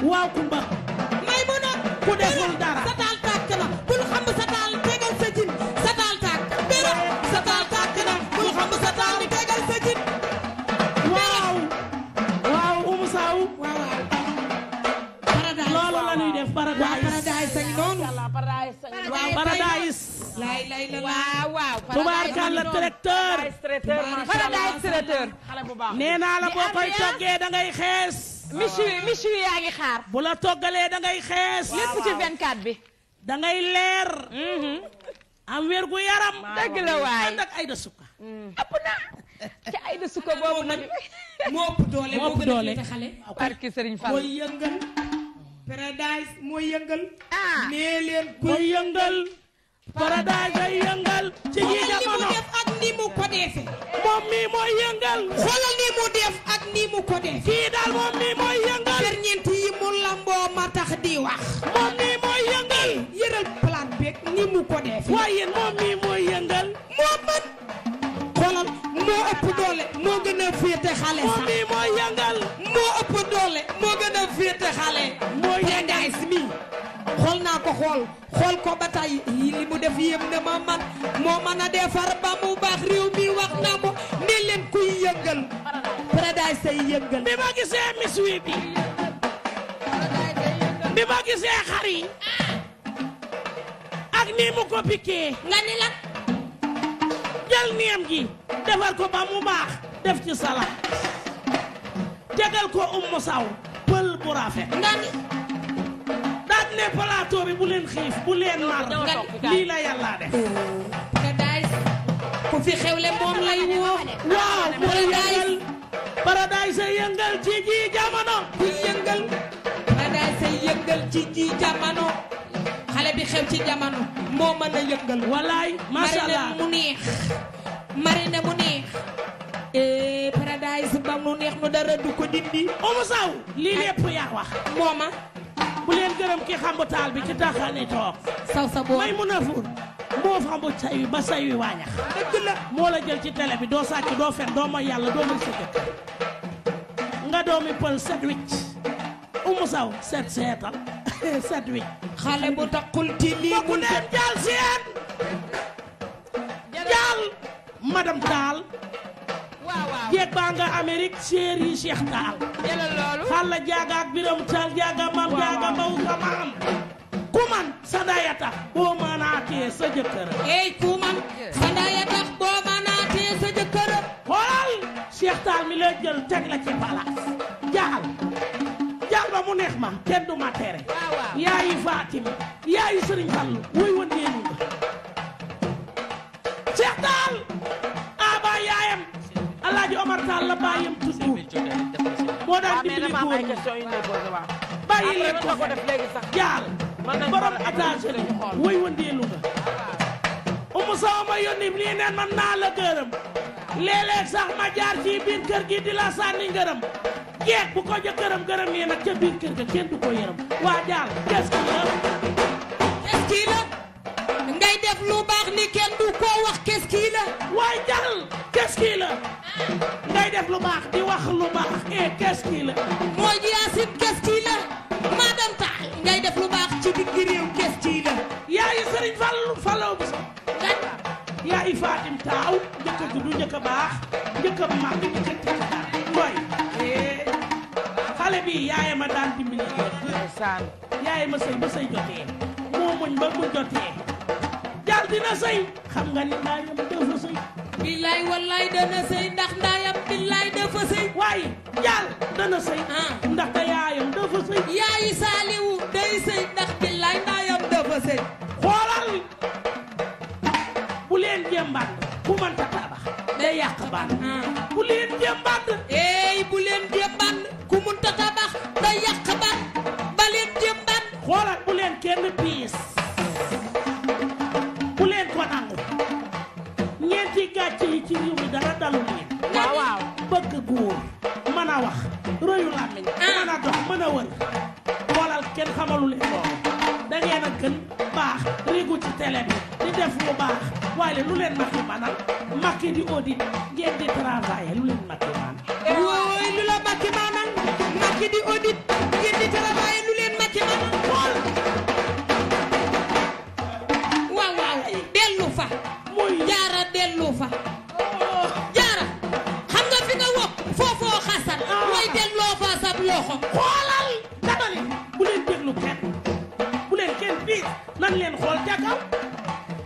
waaw kumba may mu noon ku dara sa taal tàkk na bul xam sa taal tegal sa jin sa taal tàkk bira sa taal tàkk na bul xam sa taal tegal sa jin waaw waaw umu saaw waaw paradise la ñuy def paradise paradise sañ noonu waaw paradise lay lay la waaw waaw tubaarkàlla tracteur extraiteur xale bu baax nee naa la boo koy toggee da ngay xees. michu michu yaa ngi xaar. bu la toggalee da ngay xees. lépp ci 24 bi. da ngay leer. Mm-hmm. am wér gu yaram. dëgg la waay ànd ak Aïda Souka. Mm. ëpp na ci Aïda Souka boobu nag. moo ëpp doole moo ëpp doole. barke Serigne Fall mooy yëngal. Paradise mooy yëngal. ah nee leen kuy yëngal. Paradise day yëngal ci yi jamono moom mi mooy yëngal xoolal ni mu def ak ni mu ko def kii daal moom mi mooy yëngal ferñeent yi mu lamboo tax di wax moom mi mooy yëngal yëral plan beeg ni mu ko defe waaye moom mi mooy yëngal moo mën xoolal moo ëpp doole moo gën a féete xale moom yëngal moo ëpp doole moo gën a féete xale mooy Paradise mi xool naa ko xool xool ko ba tey li mu def yéem na ma man moo mën a defar ba mu baax réew mi wax naa ko ne leen kuy yëngal Paradise say yëngal bi ma gisee Miss bi bi ma gisee xar ak nii mu ko piqué nga ni la jël neem gi defar ko ba mu baax def ci salade tegal ko ummu saw pël bu rafet dañ ne plateau bi bu leen paradise yëngal ci ji jamono xale bi xew ci jamono moo mën a yëngal walaay macha allah mu neex e, paradise ba mu neex nu dara du ko dindi omo saw lii lépp yaa wax mooma bu leen gërëm ki xambu bi ci taxani saw sa boo may mun a fur moo xambu say ba say waañax moo la jël ci télé bi doo sàcc doo fen doo ma yàlla doo mën sa nga doomi pël set umu saw set seetal set xale bu takkul ti lii mun jaal seen jaal madam taal jeeg baa nga Amérique chéri Cheikh Taal xalla jaaga ak taal jaaga mam jaaga mbaw nga maam kuman sa tax boo manaatee sa ey kuman sa tax boo manaatee sa jëkkër xoolal Cheikh teg la ci jaal jaal ba mu neex ma kenn du ma yaayi Fatima yaayi Sëriñ Fallu woy wëndeenu nga Cheikh Alaaji Omar Tall la bàyyam tudd moo daan dimbali góor bàyyi leen ko fi jaal borom attaché la woy wëndeelu nga umu sama ma yónni nii neen man naa la gërëm léeg-léeg sax ma jaar ci biir kër gi di la sànni ngërëm jeeg bu ko ja gërëm gërëm nee nag ca kër ga kenn du ko yërëm waa jaal qu'est-ce qu'il la qu'est-ce qu'il la ngay def lu baax ni kenn du ko wax qu'est-ce qu'il jaal ngay def lu baax di wax lu baax et eh, qu'est-ce qu'il a. mooy Yacine qu'est-ce qu'il a madame Ta ngay def lu baax ci digg réew qu'est-ce qu'il a. yaayu Serigne Fallou Fallou Moussa. yaayu Fatim Taaw njëkk a gudd njëkk a baax njëkk a màgg njëkk a tëdd mooy. Eh, xale bi yaayam a daan dimbali. ndeysaan yaayam a sëy ba sëy jotee moo muñ ba mu jotee. jal dina sëy xam nga ni yaayam dafa sëy. billaay wallaay dana sëy ndax ndaayam billaay dafa sëy waaye njaal dana sëy ah. ndaxte yaayam dafa sëy yaayi saaliwu day sëy ndax billaay ndaayam dafa sëy xoolal bu leen jëmbat ah. ku mënta tabax day yàq ban bu leen jëmbat eey bu leen jëmbat ku mënta tabax day yàq ban ba leen jëmbat xoolal gàcce yi ci réew mi dara dalu waaw waaw góor mën a wax rëyu làmmiñ. Ah. mën a dox mën a wër. xoolal kenn xamalu a baax riigu ci di def lu baax waaye lu leen makki manal makki di audit ngeen di lu leen makki manal. wooy lu la makki manal makki di audit ngeen di travailler lu leen makki manal. Eh, fa jaara xam nga fi nga wokk foofoo xasal ah. mooy delloo fa sab loxo xoolal dabali bu leen déglu kenn bu leen kenn fii nan leen xool ca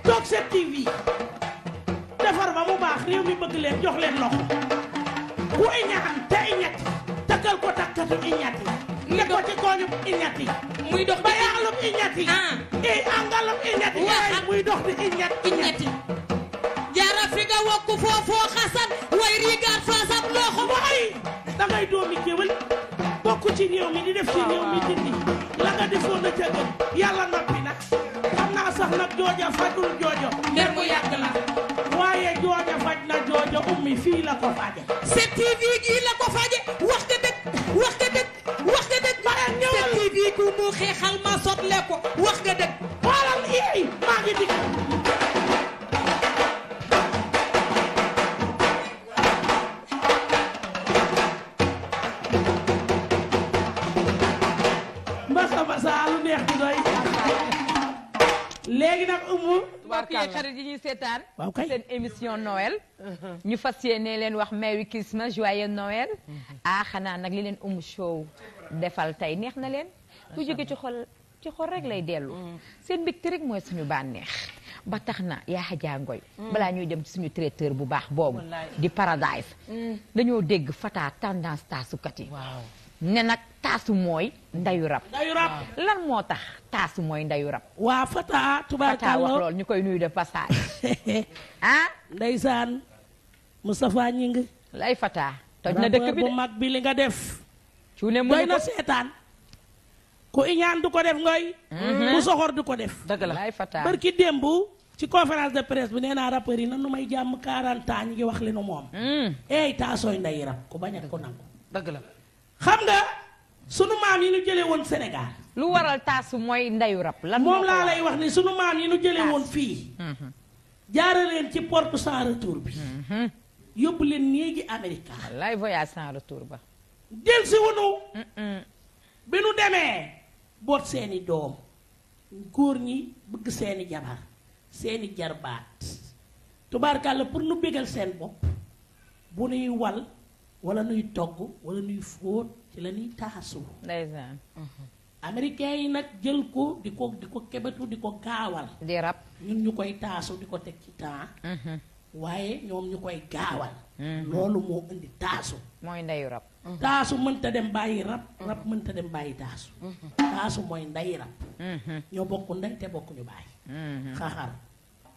toog seen TV defar ba mu baax réew mi bëgg leen jox leen loxo ku iñaan te iñat takkal ko takkatu iñati ne ko ci kooñu iñati muy i muy dox di iñat ah. iñati ku foofoo xasan way riigaat faasam looxu ba ay dangay doomi géwél bokk ci réew mi di def ci réew mi dindi la nga defoon a jëgëm yàlla noppi na xam naa sax nag jooja fajul joojo mbir mu yàgg la waaye jooja faj na joojo ummi fii la ko faje set tv gii la ko faje wax nga dëgg wax nga dëgg wax nga dëgg ma leen set tv ku mu xeexal ma sotle ko wax nga dëgg xoolal ii maa ngi digg mbokk yi xarit yi ñuy seetaan waaw kay seen émission nowel ñu fas yéene leen wax Merry Christmas joyeux Noël ah xanaa nag li leen Oumou Show defal tey neex na leen ku jóge ci xol ci xol rek lay dellu seen mbégte rek mooy suñu bànneex ba tax na yaa xajaa ngoy balaa ñuy dem ci suñu traiteur bu baax boobu di paradise mm. dañoo dégg fataa tendance taasukat yi ne nag taasu mooy ndayu rab lan moo tax taasu mooy ndayu rab. waa Fata tubaarkàlla wax lool ñu koy nuyu de passage. ah. ndeysaan Moustapha Gningue. lay Fata. toj na dëkk bi bu mag bi li nga def. cuune mu doy na seetaan. ku iñaan du ko def ngay mhm. ku soxor du ko def. dëgg la lay Fata barki démb. ci conférence de presse bu nee naa rappeurs yi nan nu may jàmm 40 ñu ngi wax li nu moom. eey mm. taasooy ndayi rab ku bañ a ko nangu. xam nga sunu maam yi ñu jëlee woon Sénégal. lu waral taasu mooy ndeyu rab lan moom laa lay wax ni sunu maam yi nu jële woon fii mm-hmm. jaare leen ci porte sans retour bi mm-hmm. yóbbu leen néegi Amérique wallaay voyage sans retour ba del si bi nu demee boot seeni doom góor ñi bëgg seeni jabar seeni jarbaat tubaarkàlla pour nu bégal seen bopp bu nuy wal wala nuy togg wala nuy fóot ci la nuy taasu ndeysaan mm-hmm. americain yi nag jël ko di ko di ko kebetu di ko gaawal. di rab ñun ñu koy taasu di ko teg ci temps. Mm-hmm. waaye ñoom ñu koy gaawal. Mm-hmm. loolu moo indi taasu. mooy ndeyu rab. Mm-hmm. taasu dem bàyyi mënta dem bàyyi taasu. taasu mooy ndeyu rab. ñoo bokk ndey te bokk ñu bàyyi. xaxar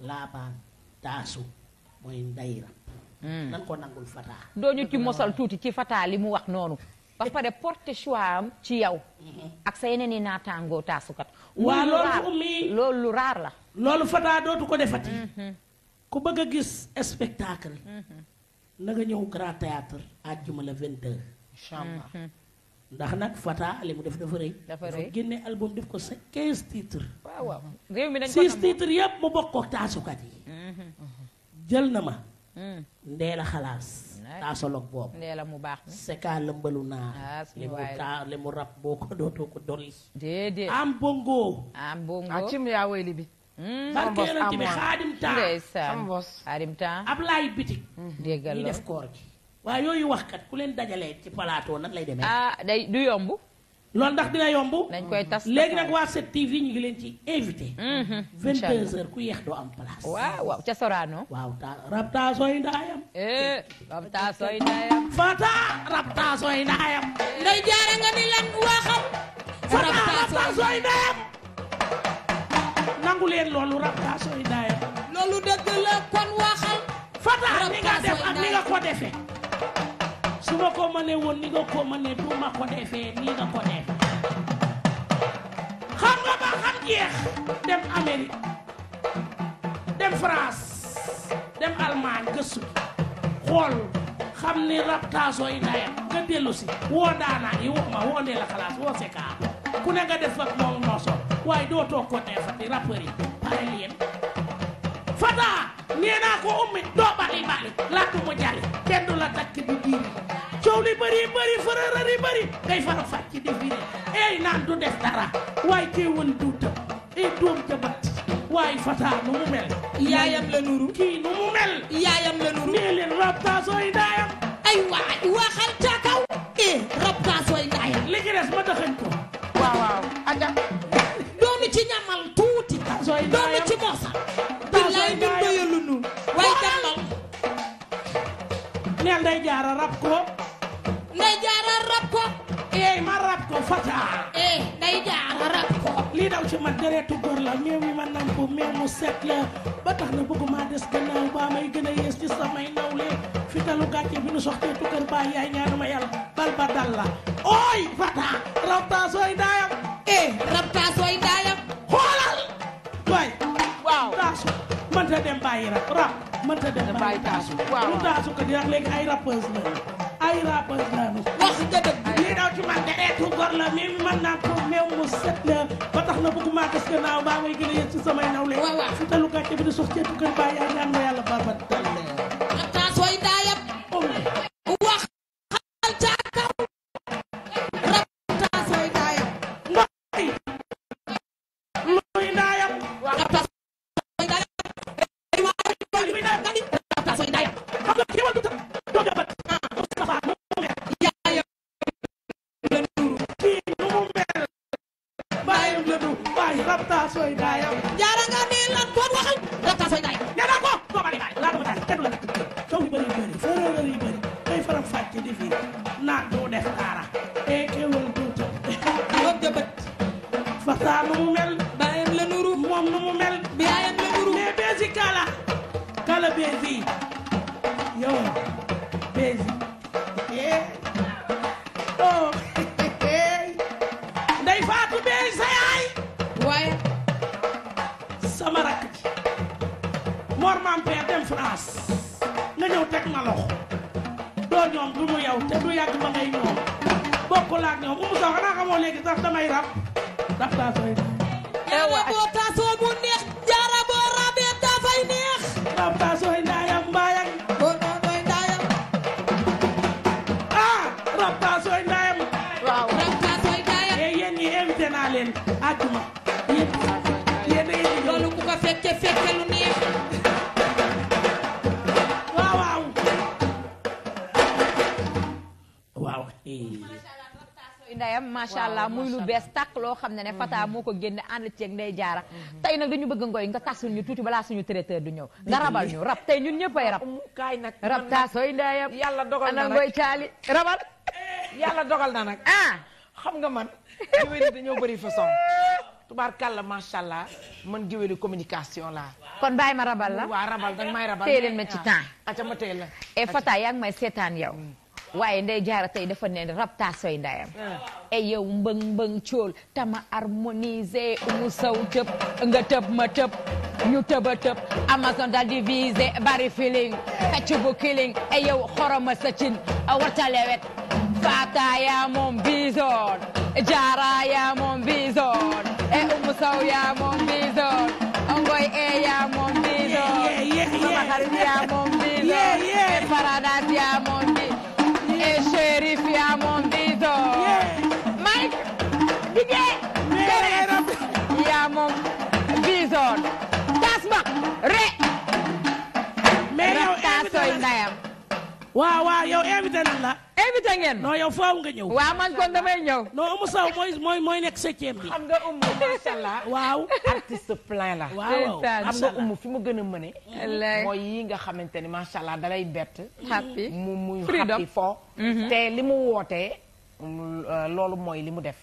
laabaan taasu mooy ndeyu rab. nan ko nangul fataa. doo ñu ci mosal tuuti ci fataa li mu wax noonu. ba pare porté choix am ci yow. ak sa yeneen i naataangoo taasukat. waaw loolu loolu lu raar la. loolu Fata dootu ko defati. Mm-hmm. ku bëgg a gis spectacle. Mm-hmm. na ñëw grand théâtre àjjuma la 22. incha ndax nag Fata li mu def dafa rëy. dafa rëy génne album def ko sa 15 titres. waaw waaw mu bokk ak taasukat yi. Mm-hmm. jël na ma. ndee la xalaas. taa solog boobu ndeela mu baax mi seka lëmbalu naar ah, ah, li mu taa li mu rab boo ko dootoo ko doli déedéet am bongo am bongo acim ah, yaa woy li bi barke ab laay bitik hmm. déggal ñu def koor gi waaye yooyu waxkat ku leen dajalee ci plateau nag lay demee ah du yomb loolu ndax dina yomb. nañ koy tas léegi nag waa 7TV ñu ngi leen ci invité. Mhm. incha allah 22h ku yeex doo am place. waaw waaw ca Sorano. waaw ta rabta sooy ndaayam. Eh, rabta sooy ndaayam. ndaayam. nday jaara nga ni lan waxam. Fata rabta ndaayam. nangu leen loolu rabta sooy ndaayam. loolu dëgg la kon waxal. Fata ni nga def ni nga ko defee. su ma ko mënee woon ni nga ko mënee du ma ko defee nii nga ko def xam nga ba xam jeex dem Amérique dem France dem Allemagne gëstu xool xam ni rab taasoo yi ndayam nga dellu woo daanaa yi woo ma woo ndee xalaas woo sekaa ku ne nga def moom noosoon waaye doo toog ko neefati rappeur yi pare lii yéen fataa nee naa ko ummi doo bali bali laatu mu jali kenn du la takk du diiri coow li bëri bëri fararari bëri ngay fara fàcc ci defiri ey naan du def dara waaye teewal du tëb ey doom jabat waaye fataa nu mu mel yaayam la nuru kii nu mu mel yaayam la nuru nee leen rab taasooy daayam ay waay waxal ca kaw eh rab taasooy daayam li ci des ma dëxañ ko waaw waaw aja doonu ci ñamal tuuti taasooy daayam neel nday jaara rab ko nday jaara rab ko eey ma rab ko fata eey nday jaara rab ko lii daw ci man deretu góor la meew yi ma nam meew mu set la ba tax na bëgguma des gannaaw ba may gën a yees ci samay nawle fitalu gàcce bi nu soxtee tukkër ba yaay ñaanu ma yàlla bal ba dal la ooy fata rab taasooy daayam eey rab taasooy daayam xoolal waay waaw taasu mënta dem bàyyi rab rab mënta def bàyyi taasu waaw lu taasu ko di wax léegi ay rappeurs la ay rappeurs la wax nga dëgg lii daw ci man dereetu gor la mi mën naa ko meew ba tax na bëgguma gis gannaaw baa ngay gën a yëg ci samay nawle waaw te lu gàcce bi di suuf ceetu kër bàyyi yaa ñaan ma yàlla barbat bees tàkk loo xam ne ne Fata mhm. moo ko génne ànd ceeg nday jaara mhm. tey nag ñu bëgg ngoy nga tasul ñu tuuti balaa suñu traiteur du ñëw nga rabal ñu rab tey ñun ñëppay rab ah, kaay nag rab taasooy ndeyam yàlla dogal na ngoy caali rabal yàlla dogal na nag ah xam nga man géwél yi dañoo bëri façon tubaarkàlla macha allah man géwélu communication laa kon bàyyi ma rabal la waaw rabal danga may rabal téye ma ci ah. temps aca la eh, Fata yaa ngi may seetaan yow mm. waaye nday jaara tey dafa ne rab taasooy ndayam ah. e yow mbëng mbëng cool tama harmonisé umu saw tëb nga tëb ma tëb ñu tëba tëb amazon daal di bari feeling kacc bu kiling e yow xoroma sa cin wartalewet faata yaa moom jaara yaa moom e umu saw yaa moom bisoon ongoy e yaa moom bisoon sama xarit yaa moom bisoon e paradise yaa jigéen deret yaa moom mbisoon tas ba re mais yow taasoy ndayam waaw la invité ngeen non yow nga ñëw waaw man kon damay ñëw non Oumou Sow mooy nekk septième bi xam nga Oumou fi mu gën a mëne mooy yi nga xamante ni macha allah dalay bett happy mu muy happy foo te li mu wootee Euh, loolu mooy li mu def.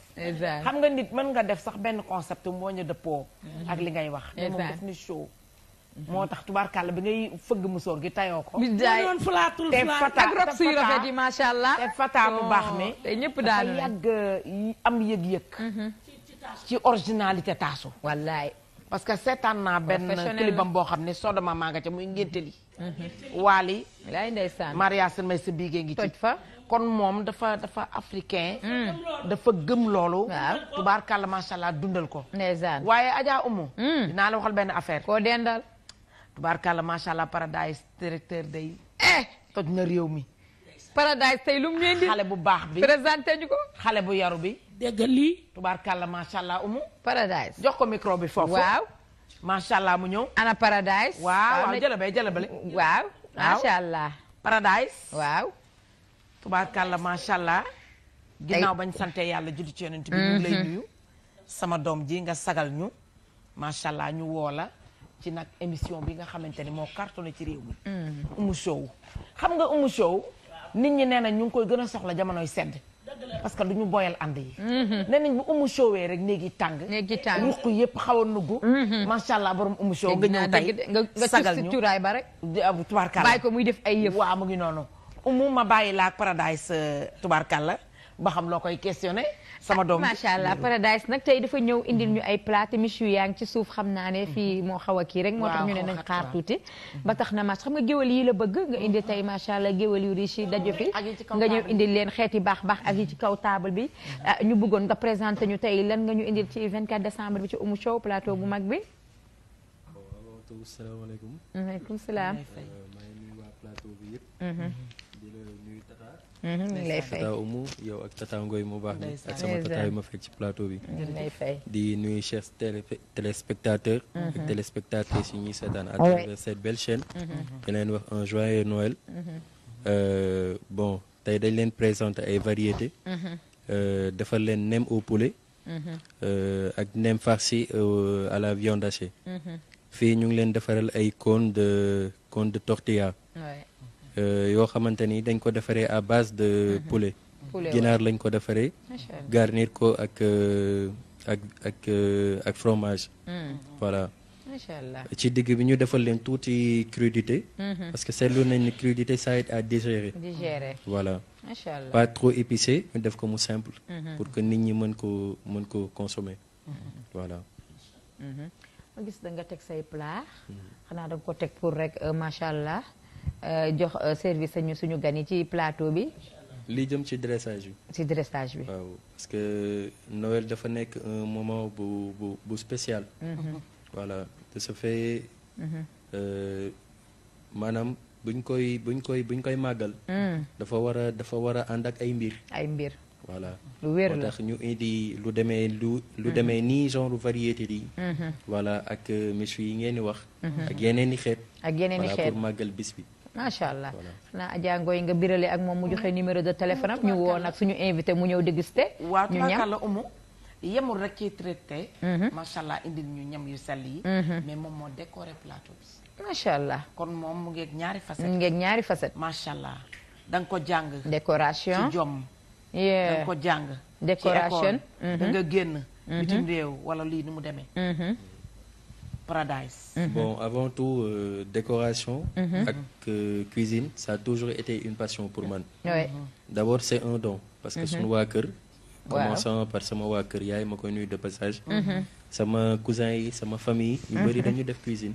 xam nga nit mën nga def sax benn concept moo ñu dëppoo. ak li ngay wax. mais moom def ni show. moo tax tubaarkàlla bi ngay fëgg musóor gi tayoo ko. bidaay te fata ak rok allah. te fata baax oh, mi te ñëpp daal dafa yàgg am yëg-yëg. Mm-hmm. ci originalité taasu. wallaay parce que seetaan naa benn clipam boo xam ne sodoma maa nga ca muy ngénte li. Mm-hmm. waali. laay ndeysaan may sa biige ngi ci. toj fa. kon moom dafa dafa africain. Hmm. dafa gëm loolu. waaw baar macha allah dundal ko. ndeysaan waaye Adja Umu. Hmm. dinaa la waxal benn affaire. koo dendal. tubaarkàlla macha allah paradise directeur day. eh toj na réew mi. paradise tey lu mu leen bu baax bi présenté ñu ko. xale bu yaru bi. dégg lii. tubaarkàlla macha allah Umu. paradise jox ko micro bi foofu. waaw macha allah mu ñëw. ana paradise. waaw waaw jëlabee waaw macha allah. paradise. waaw. tubaarkàlla macha allah. ginnaaw bañ santee yàlla julli ci yonent bi ñu lay mhm. nuyu. sama doom ji nga sagal ñu. macha allah ñu woo la ci nag émission bi nga xamante ni moo karton ci réew mi. Oumou mhm. Show xam nga Oumou Show nit ñi nee na ñu ngi koy gën a soxla jamonoy sedd. parce que du ñu boyal ànd yi. Mhm. nee nañ bu Oumou sowee rek néegi tàng. néegi tàng ruq yëpp xaw a nugg. macha allah borom Oumou Show nga ñëw tey sagal ñu nga nga ci turaay ba ko muy def ay yëf waaw mu ngi noonu. umu ma bàyyi laa paradise euh, tubaarkàlla ba xam loo koy questionné sama doom macha allah paradise nag tey dafa ñëw indil ñu ay plat te michu yaa ngi ci suuf xam naa ne fii moo xaw a kii rek moo tax ñu ne nañ xaar tuuti mhm. ba tax na macha xam nga géwal yi la bëgg nga indi tey macha allah géwal yu riche yi dajo fi nga ñëw indil leen xeeti baax baax ak yi ci kaw table bi mhm. ah, ñu bëggoon nga présenté ñu tey lan nga ñu indil ci 24 décembre bi ci Oumou Show plateau bu mag bi salaamaaleykum maaleykum salaam euh, maa ngi nuyu waa plateau bi yëpp mhm. di la nuyu Tata. Mhm, yow ak Tata Ngoy mu baax mi yu ci plateau bi. di nuyu chers télé téléspectateurs. Mhm. ak téléspectatrices yu ñuy seetaan à ah travers cette belle chaîne. Mhm. di leen wax un joyeux Noël. Euh, bon tey dañ leen présenter ay variétés. Euh, defal leen nem au poulet. Euh, ak nem farci à la viande hachée. fii ñu ngi leen defaral ay cône de cône de tortilla. Euh, yoo xamante ni dañ ko defaree à base de mhm. poulet. ginaar lañ ko defaree. garnir ko ak euh, ak ak euh, ak fromage. Mm. voilà. ci digg bi ñu defal leen touti crudité. Mhm. parce que seetlu nañ ni crudité ça aide à digérer. voilà. pas trop épicé ñu def ko mu simple. Mhm. pour que nit ñi mën ko mën ko consommer. voilà. ma gis da nga teg say plat. xanaa da ko teg pour rek macha allah. Euh, jox euh, service ñu suñu gan yi ci plateau bi. li jëm ci dressage bi. ci dressage bi. waaw parce que Noël dafa nekk un moment bu bu bu spécial. Mhm. voilà mhm. euh, buñ koy buñ koy buñ koy màggal. Mm. dafa war a dafa war a ànd ak ay mbir. ay mbir. voilà lu wér la tax ñu indi lu demee lu lu mhm. demee nii genre variété yi mhm. voilà ak euh, méchoui yi ngeen di wax mhm. ak yeneen i xeet ak yeneen i xeet voilà pour màggal bis bi macha allah xanaa Adja yi nga birale ak moom mu joxe numéro de téléphone am ñu woo ak suñu invité mu ñëw dégusté waaw tubaarkàlla umu yemul rek ci traité macha allah indil ñu ñam yu sell yi mais moom moo décoré plateau bi macha allah kon moom mu ngeeg ñaari facette mu ñaari facette macha allah da nga ko jàng décoration ci jom da nga ko jàng décoration mm-hmm. da génn mm-hmm. bitim réew wala lii ni mu demee mm-hmm. paradise bon avant tout euh, décoration ak euh, cuisine ça a toujours été une passion pour man ouais. c'est un don parce que suñu waa kër commençant par sama waa kër yaay ma koy nuyu de passage sama cousin yi sama famille yu bëri dañu def cuisine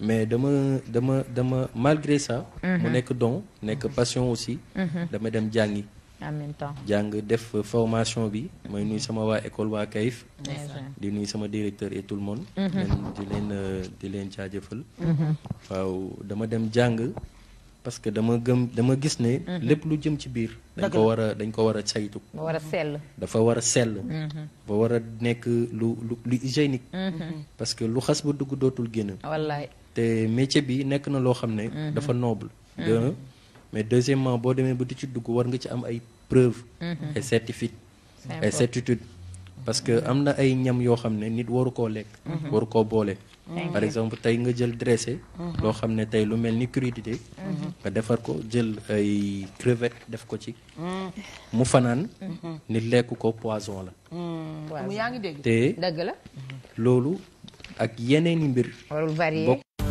mais dama dama dama malgré ça mu nekk don nekk passion aussi dama dem jàngi en même jàng def formation bi mooy nuy sama waa école waa Kayif di nuy sama directeur et tout di mhm. leen di leen euh, mhm. waaw dama dem jàng parce que dama gëm dama gis ne mhm. lépp lu jëm ci biir dañ ko war a dañ ko war a saytu war a sell dafa war a sell dafa war a nekk lu lu lu hygiénique que lu xas ba dugg dootul génn wallaay te métier bi nekk na loo xam ne dafa noble mais deuxièmement boo demee ba di ci dugg war nga ci am ay preuve et mhm. certificat et certitude parce que am na ay ñam yoo xam ne nit waru koo lekk mhm. waru koo boole par exemple tey nga jël dressé mhm. loo xam ne tey lu mel ni crudité nga defar ko jël ay crevette def ko ci mu fanaan nit lekk ko poison la yaa ngi te loolu ak yeneen i mbir